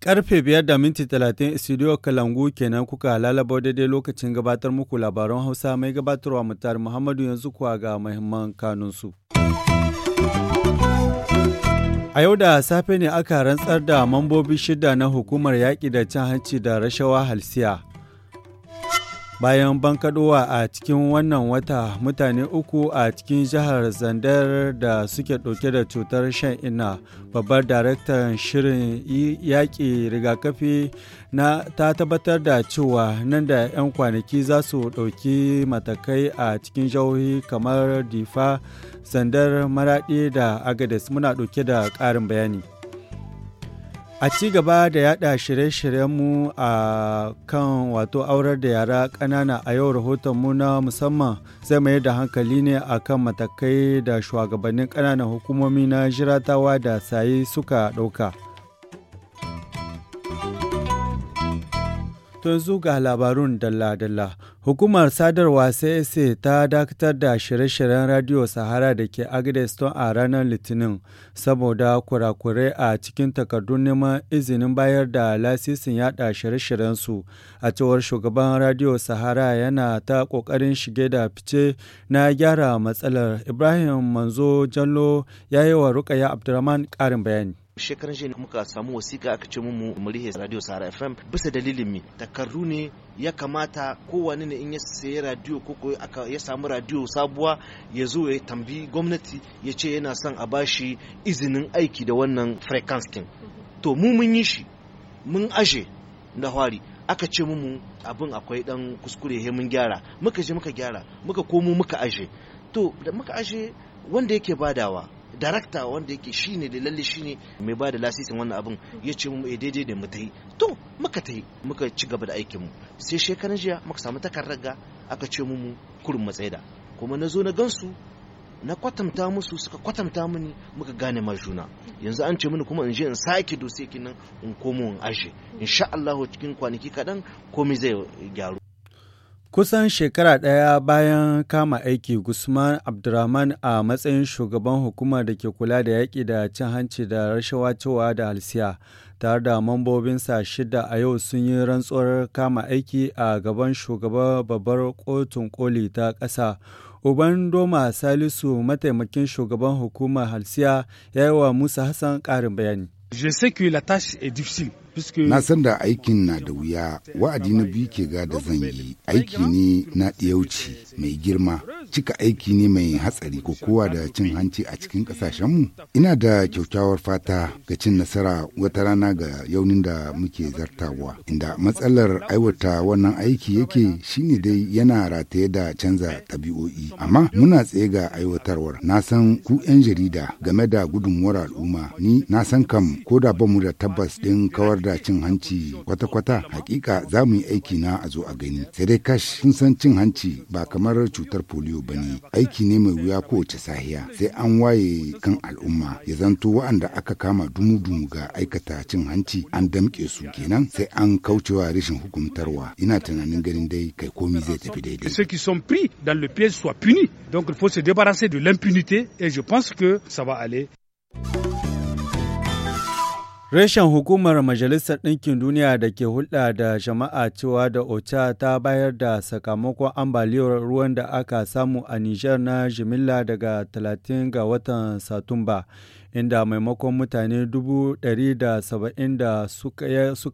Karfe biyar da minti talatin studio Kalangu kenan kuka lalabo daidai lokacin gabatar muku labaran Hausa mai gabatarwa mutar Muhammadu yanzu kuwa ga mahimman kanunsu. A yau da safe ne aka rantsar da mambobi shida na hukumar yaƙi da cin hanci da rashawa halsiya. bayan bankadowa a cikin wannan wata mutane uku a cikin jihar zandar da suke dauke da cutar shan ina babbar daraktan shirin yaƙi rigakafi na ta tabbatar da cewa nan da 'yan kwanaki za su ɗauki matakai a cikin jihohi kamar difa zandar maraɗi da agades muna ɗauke da ƙarin bayani A ci gaba da yada shirye-shiryenmu a kan wato aurar da yara ƙanana a yau rahotonmu na musamman zai mayar da hankali ne a kan matakai da shugabannin ƙananan hukumomi na jiratawa da saye suka ɗauka. To yanzu ga labarun dalla-dalla. Hukumar sadarwa sai ta dakatar da shirye-shiryen Radio Sahara da ke tun a ranar Litinin saboda kurakurai a cikin takardun neman izinin bayar da lasisin yada shirye-shiryen su. A cewar shugaban Radio Sahara yana ta kokarin shige da fice na gyara matsalar. Ibrahim Manzo Jallo ya yi wa Rukaya Abdurrahman ƙarin bayani. shekaran jiya muka samu wasiƙa aka ce mu murihe radio sahara fm bisa dalilin mi takardu ne ya kamata kowane ne in ya sayi radio ko ya samu radio sabuwa ya zo ya tambi gwamnati ya ce yana son a bashi izinin aiki da wannan frequency din to mu mun yi shi mun aje na hwari aka ce mu abin akwai dan kuskure he mun gyara muka je muka gyara muka komo muka aje to da muka aje wanda yake badawa darakta wanda yake ne da lalle shine mai ba da lasisin wannan abin ya ce mu eh, daidai da mu ta yi to muka ta yi muka ci gaba da aikin mu sai shekaran jiya muka samu takardar aka ce mu kurin matsaida kuma na zo na gansu na kwatanta musu suka kwatanta mini muka gane ma juna yanzu an ce mini kuma in je in sake dose kinan in komo in ashe insha Allah cikin kwanaki kaɗan komai zai gyaru Kusan shekara ɗaya bayan kama aiki Guzman Abdulrahman a matsayin shugaban hukumar da ke kula da yaƙi da cin hanci da rashawa cewa da halsiya tare da mambobinsa shida a yau sun yi rantsuwar kama aiki a gaban shugaban babbar kotun koli ta ƙasa. Uban Doma Salisu mataimakin shugaban hukumar halsiya ya yi wa Musa Hassan ƙarin bayani. Je sais que la tâche est difficile. Na san da aikin na da wuya, wa'adi na biyu ke ga da zan yi, aiki ne na ɗiyauci mai girma, cika aiki ne mai hatsari ko kowa da cin hanci a cikin ƙasashenmu. Ina da kyaukyawar fata ga cin nasara wata rana ga yaunin da muke zartawa, inda matsalar aiwata wannan aiki yake shine dai yana rataye da canza ɗabi'o'i. Amma muna tsaye ga aiwatarwar, na san ku 'yan jarida game da gudunmuwar al'umma, ni na san kam ko da bamu da tabbas ɗin kawar da da cin hanci kwata-kwata hakika za mu yi aiki na a zo a gani sai dai kash sun san cin hanci ba kamar cutar polio ba ne aiki ne mai wuya kowace sahiya sai an waye kan al'umma ya zanto wa'anda aka kama dumu-dumu ga aikata cin hanci an damke su kenan sai an kaucewa rashin hukumtarwa ina tunanin ganin dai kai komi zai tafi daidai ceux qui sont pris dans le piège soient punis donc il faut se débarrasser de l'impunité et je pense que ça va aller Reshen hukumar Majalisar Ɗinkin Duniya da ke hulɗa da jama'a cewa da OCHA ta bayar da sakamakon ambaliyar ruwan da aka samu a Nijar na jimilla daga 30 ga watan Satumba, inda maimakon mutane 170 da suka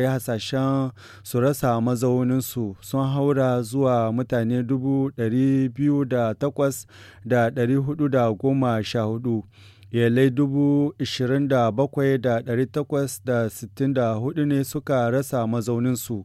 yi hasashen su rasa mazauninsu sun haura zuwa mutane da hudu. yalai dubu ishirin da bakwai da ɗari takwas da sittin da hudu ne suka rasa mazauninsu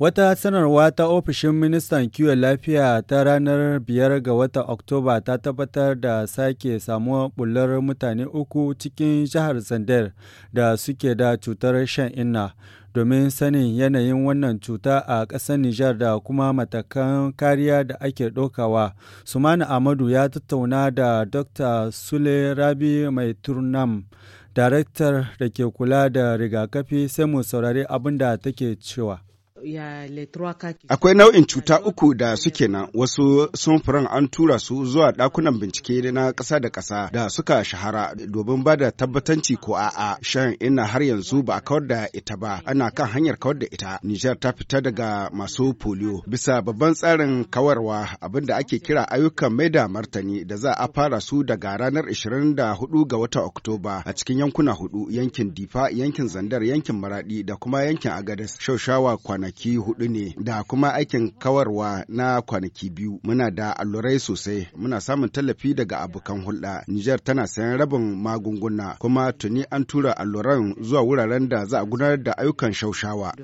Wata sanarwa ta ofishin ministan kiwon lafiya ta ranar biyar ga watan Oktoba ta tabbatar da sake samuwar bular mutane uku cikin jihar Zander da suke da cutar shan inna. Domin sanin yanayin wannan cuta a ƙasar Nijar da kuma matakan kariya da ake ɗaukawa, Sumana Amadu ya tattauna da Dr. Sule Rabi Mai Turnam, daraktar da ke kula da rigakafi sai mu saurari abin da take cewa. Akwai nau'in cuta uku da suke nan wasu samfuran an tura su zuwa ɗakunan bincike na ƙasa da ƙasa da suka shahara domin ba da tabbatanci ko a'a shan ina har yanzu ba a kawar da ita ba ana kan hanyar kawar da ita. Nijar ta fita daga masu polio bisa babban tsarin kawarwa abinda ake kira ayyukan mai da martani da za a fara su daga ranar 24 ga watan Oktoba a cikin yankuna hudu yankin Difa, yankin Zandar, yankin Maradi da kuma yankin Agadez. Shaushawa kwanaki. kwanaki hudu ne da kuma aikin kawarwa na kwanaki biyu. Muna da allurai sosai, muna samun tallafi daga abokan hulɗa. Nijar tana sayan rabin magunguna kuma tuni an tura alluran zuwa wuraren da za a gudanar da ayyukan shaushawa.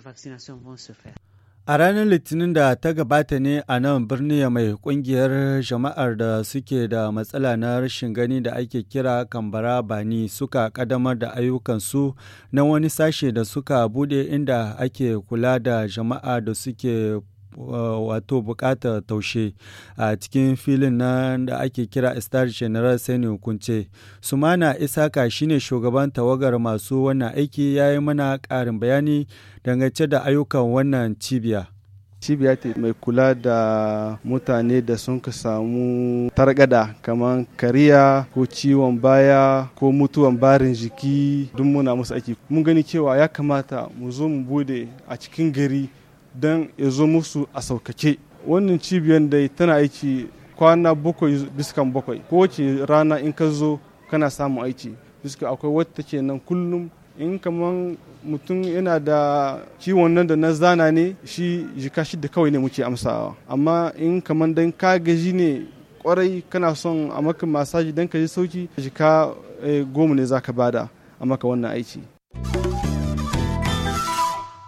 A ranar Litinin da ta gabata ne a nan birni mai kungiyar jama'ar da suke da matsala na rashin gani da ake kira Kambara Bani suka kadamar da ayyukansu na wani sashe da suka bude inda ake kula da jama'a da suke Eh, wato bukatar taushe a cikin filin na da ake kira star general sani hukunce sumana isaka shine shugaban tawagar masu wannan aiki ya yi mana karin bayani dangance da ayyukan wannan cibiya cibiya ce mai kula da mutane da sun ka samu targada kamar kariya ko ciwon baya ko mutuwan barin jiki duk muna musu aiki mun gani cewa ya kamata mu zo mu bude a cikin gari don ya zo musu a saukake wannan cibiyar da tana aiki kwana bakwai biskan bakwai kowace rana in ka zo kana samun aiki biska akwai wata ke nan kullum in kaman mutum yana da ciwon nan da na zana ne shi jika da kawai ne muke amsawa amma in kaman dan ka gaji ne kwarai kana son a maka masaji dan ka ji sauki jika eh, goma ne za zaka bada a maka wannan aiki.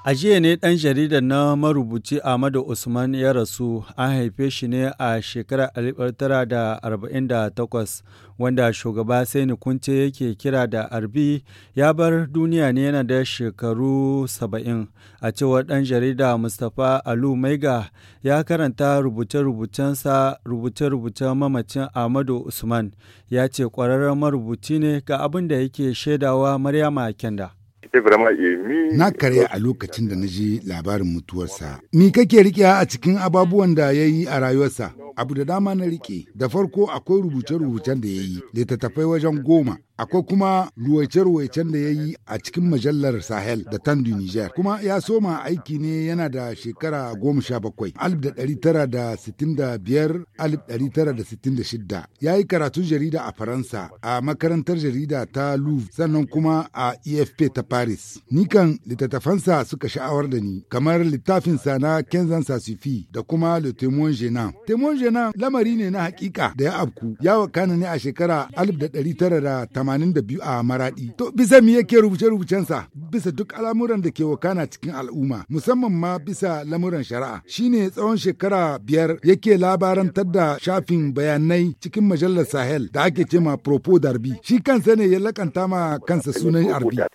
A jiya ne ɗan jaridar na marubuci Ahmadu Usman ya rasu, an haife shi ne a shekarar 1948, wanda shugaba Saini Kunce yake kira da Arbi ya bar duniya ne yana da shekaru 70. A cewar ɗan jarida Mustapha Alu Maiga ya karanta rubuce-rubucensa rubuce-rubucen mamacin Ahmadu Usman, ya ce ƙwararren marubuci ne ga abin da yake shaidawa Maryama Kenda. E. Na karya a lokacin da na ji labarin mutuwarsa. Ni kake rike a cikin ababuwan da ya yi a rayuwarsa? Abu da dama na rike. Da farko akwai rubuce-rubucen da ya yi, littattafai wajen goma. akwai kuma ruwaice-ruwaicen da ya yi a cikin majallar sahel da tandu niger kuma ya soma aiki ne yana da shekara goma sha bakwai alif da ɗari tara da sittin da biyar alif ɗari tara da sittin da shidda ya yi karatun jarida a faransa a makarantar jarida ta louvre sannan kuma a efp ta paris nikan littattafansa suka sha'awar da ni kamar littafinsa na kenzan sasifi da kuma le temoin genan temoin genan lamari ne na hakika da ya afku ya wakana ne a shekara alif da ɗari tara da 82 a Maradi. To bisa me yake rubuce-rubucensa bisa duk al'amuran da ke wakana cikin al'umma musamman ma bisa lamuran shari'a. Shine tsawon shekara biyar yake labarantar da shafin bayanai cikin majalar Sahel da ake ce ma Propo Darbi. Shi kansa ne ya lakanta ma kansa sunan Arbi.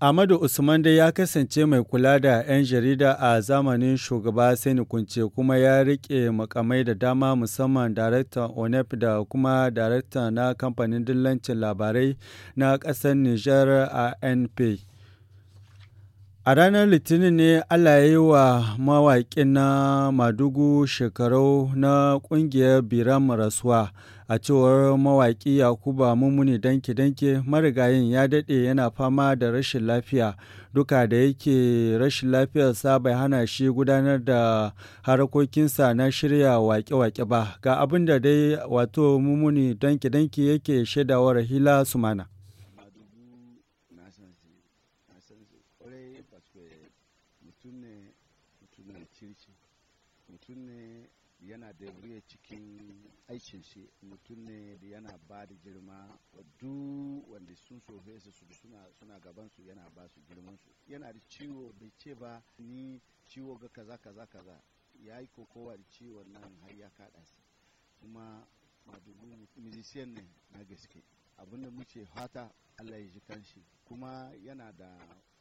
Amadu Usman dai ya kasance mai kula da 'yan jarida a zamanin shugaba Sani Kunce kuma ya rike makamai da dama musamman darakta ONEP da kuma darakta na kamfanin dillancin labarai na ƙasar Nijar a NP. A ranar Litinin ne Allah ya yi wa mawaƙin na Madugu shekaru na ƙungiyar Biram rasuwa. A cewar mawaƙi Yakuba Mumuni danke-danke marigayin ya daɗe yana fama da rashin lafiya duka da yake rashin lafiyarsa bai hana shi gudanar da harkokinsa na shirya waƙe-waƙe ba ga abin da dai wato Mumuni danke-danke yake shaidawar Hila Sumana. yana da cikin aikin shi mutum ne da yana ba da girma duk wanda sun sofe su suna suna gabansu yana ba su girman yana da ciwo bai ce ba ni ciwo ga kaza kaza kaza ya yi kokowa da ciwon nan har ya kada su kuma madugu musician ne na gaske abinda muke fata Allah ya ji kanshi kuma yana da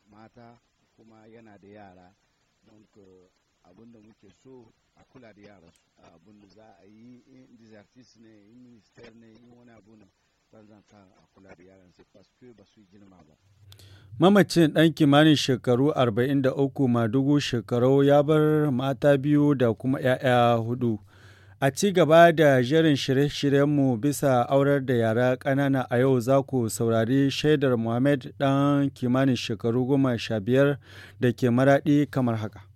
mata kuma yana da yara don abin da muke so a kula da yaran abin da za a yi in disartis ne in minister ne in wani abu ne zanzanta a kula da yaran su paske ba su girma ba Mamacin dan kimanin shekaru 43 madugu shekaru ya bar mata biyu da kuma 'ya'ya hudu. A ci gaba da jerin shirye-shiryenmu bisa aurar da yara ƙanana a yau za ku saurari shaidar muhammad dan kimanin shekaru goma sha biyar da ke maraɗi kamar haka.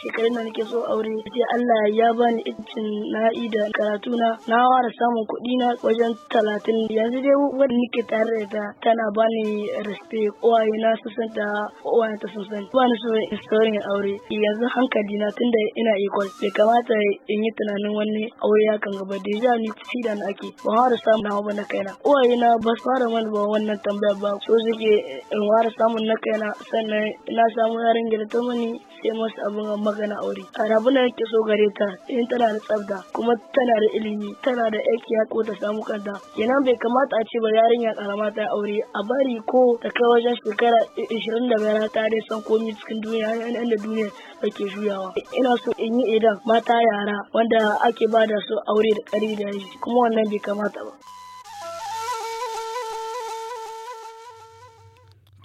shekarun da nake so aure sai Allah ya bani iccin na'i da karatu na na fara samun kuɗi na wajen talatin yanzu dai wanda nake tare da tana bani respect uwaye na su da uwaye ta sun san ba so in aure yanzu hankali na tunda ina equal bai kamata in yi tunanin wani aure ya kan gaba da ya ni sida na ake ba fara samun na ba na kaina uwaye na ba su fara mana ba wannan tambaya ba so suke in fara samun na kaina sannan na samu yarin gida ta mani sai masu abin amma magana aure rabu na yake so gare ta in tana da tsafta kuma tana da ilimi tana da aiki ya ko ta samu kanta kenan bai kamata a ce ba yarinya karama ta aure a bari ko ta kai wajen shekara 20 da bayar ta dai san komi cikin duniya da duniya ake juyawa ina so in yi idan mata yara wanda ake ba da su aure da kari da yi kuma wannan bai kamata ba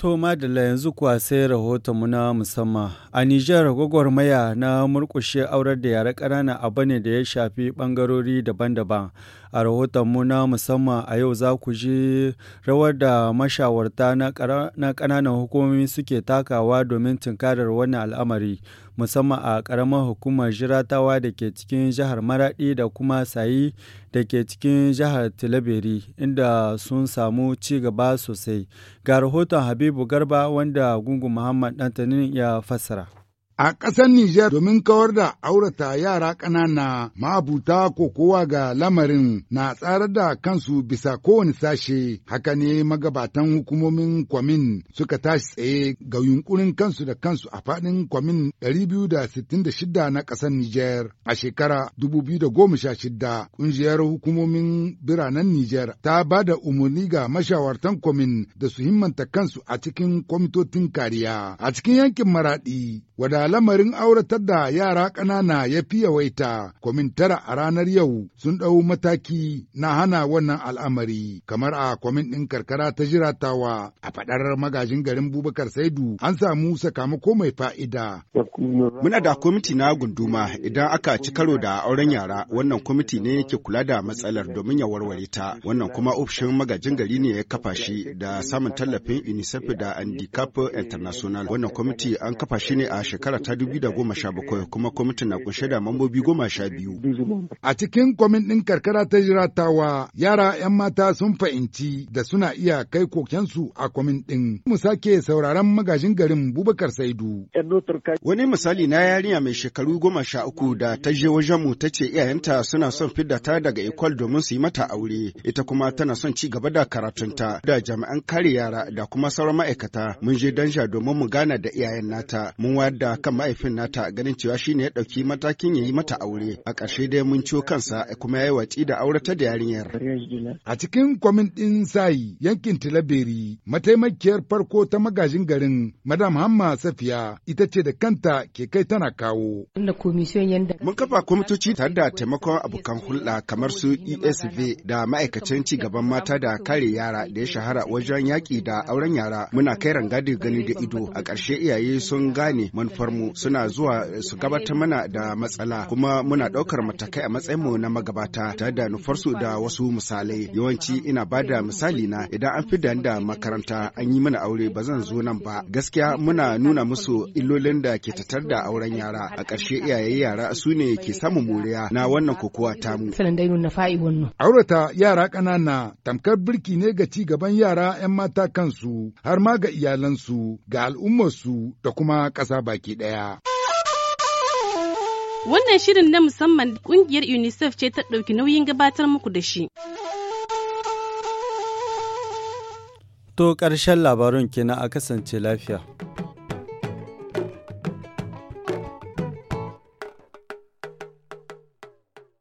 To madalla yanzu kuwa sai rahotonmu na musamman. A Nijar gwagwarmaya na murkushe aurar da yara ƙanana abu ne da ya shafi ɓangarori daban-daban. A rahoton mu na musamman a yau za ku ji rawar da mashawarta na ƙananan hukumomi suke takawa domin tunkarar wannan al'amari. musamman a ƙaramar hukumar jiratawa da ke cikin jihar Maraɗi da kuma Sayi da ke cikin jihar tilabiri inda sun samu ci gaba sosai. Ga rahoton Habibu Garba wanda Gungun Muhammad ɗantanin ya fassara. A ƙasar Nijar domin kawar da aurata yara ƙanana ma'abuta ko kowa ga lamarin na tsarar da kansu bisa kowane sashe haka ne magabatan hukumomin kwamin suka tashi tsaye ga yunkurin kansu da kansu a faɗin kwamin 266 na ƙasar Nijar a shekara 2016 ƙungiyar hukumomin biranen Nijar ta ba da umarni ga mashawartan kwamin da su himmanta kansu a cikin kwamitotin kariya a cikin yankin Maraɗi Wada lamarin auratar da yara ƙanana ya fi yawaita, kwamin a ranar yau sun ɗau mataki na hana wannan al'amari, kamar a kwamin ɗin karkara ta jiratawa a faɗar magajin garin Bubakar Saidu an samu sakamako mai fa'ida. Muna da kwamiti na gunduma idan aka ci karo da auren yara wannan kwamiti ne yake kula da matsalar domin ya warware ta, wannan kuma ofishin magajin gari ne ya kafa shi da samun tallafin UNICEF da Handicap International. Wannan kwamiti an kafa shi ne a shekara ta bakwai kuma kwamitin na kunshe da mambobi goma sha biyu. A cikin kwamitin karkara ta jiratawa yara 'yan mata sun fahimci da suna iya kai kokensu a kwamitin. Mu sake sauraron magajin garin Bubakar Saidu. Wani misali na yarinya mai shekaru goma sha uku da ta je wajen mu ta ce iyayenta suna son fidda ta daga ikwal domin su yi mata aure ita kuma tana son ci gaba da karatunta da jami'an kare yara da kuma sauran ma'aikata mun je danja domin mu gana da iyayen nata mun wayar da kan mahaifin nata ganin cewa shi ne ya ɗauki matakin ya yi mata aure a ƙarshe dai mun ciwo kansa kuma ya yi watsi da aurata da yarinyar. A cikin kwamin ɗin sayi yankin Tilaberi mataimakiyar farko ta magajin garin Madam Hamma Safiya ita ce da kanta ke kai tana kawo. Mun kafa kwamitoci tare da taimakon abokan hulɗa kamar su ESV da ma'aikacin ci gaban mata da kare yara da ya shahara wajen yaƙi da auren yara muna kai rangadin gani da ido a ƙarshe iyaye sun gane manufarmu suna zuwa eh, su gabatar mana da matsala kuma muna ɗaukar matakai a matsayinmu na magabata tare da nufarsu da wasu misalai yawanci ina ba da misali na idan an fi da makaranta an yi mana aure ba zan zo nan ba gaskiya muna nuna musu illolin da ke tattar da auren yara a ƙarshe iyaye yara su ne ke samun moriya na wannan kokowa tamu. Aurata yara ƙanana tamkar birki ne ga ci gaban yara 'yan mata kansu har ma ga iyalansu ga al'ummarsu da kuma ƙasa ba baki ɗaya. Wannan shirin na musamman ƙungiyar UNICEF ce ta ɗauki nauyin gabatar muku da shi. To ƙarshen labarun kina a kasance lafiya.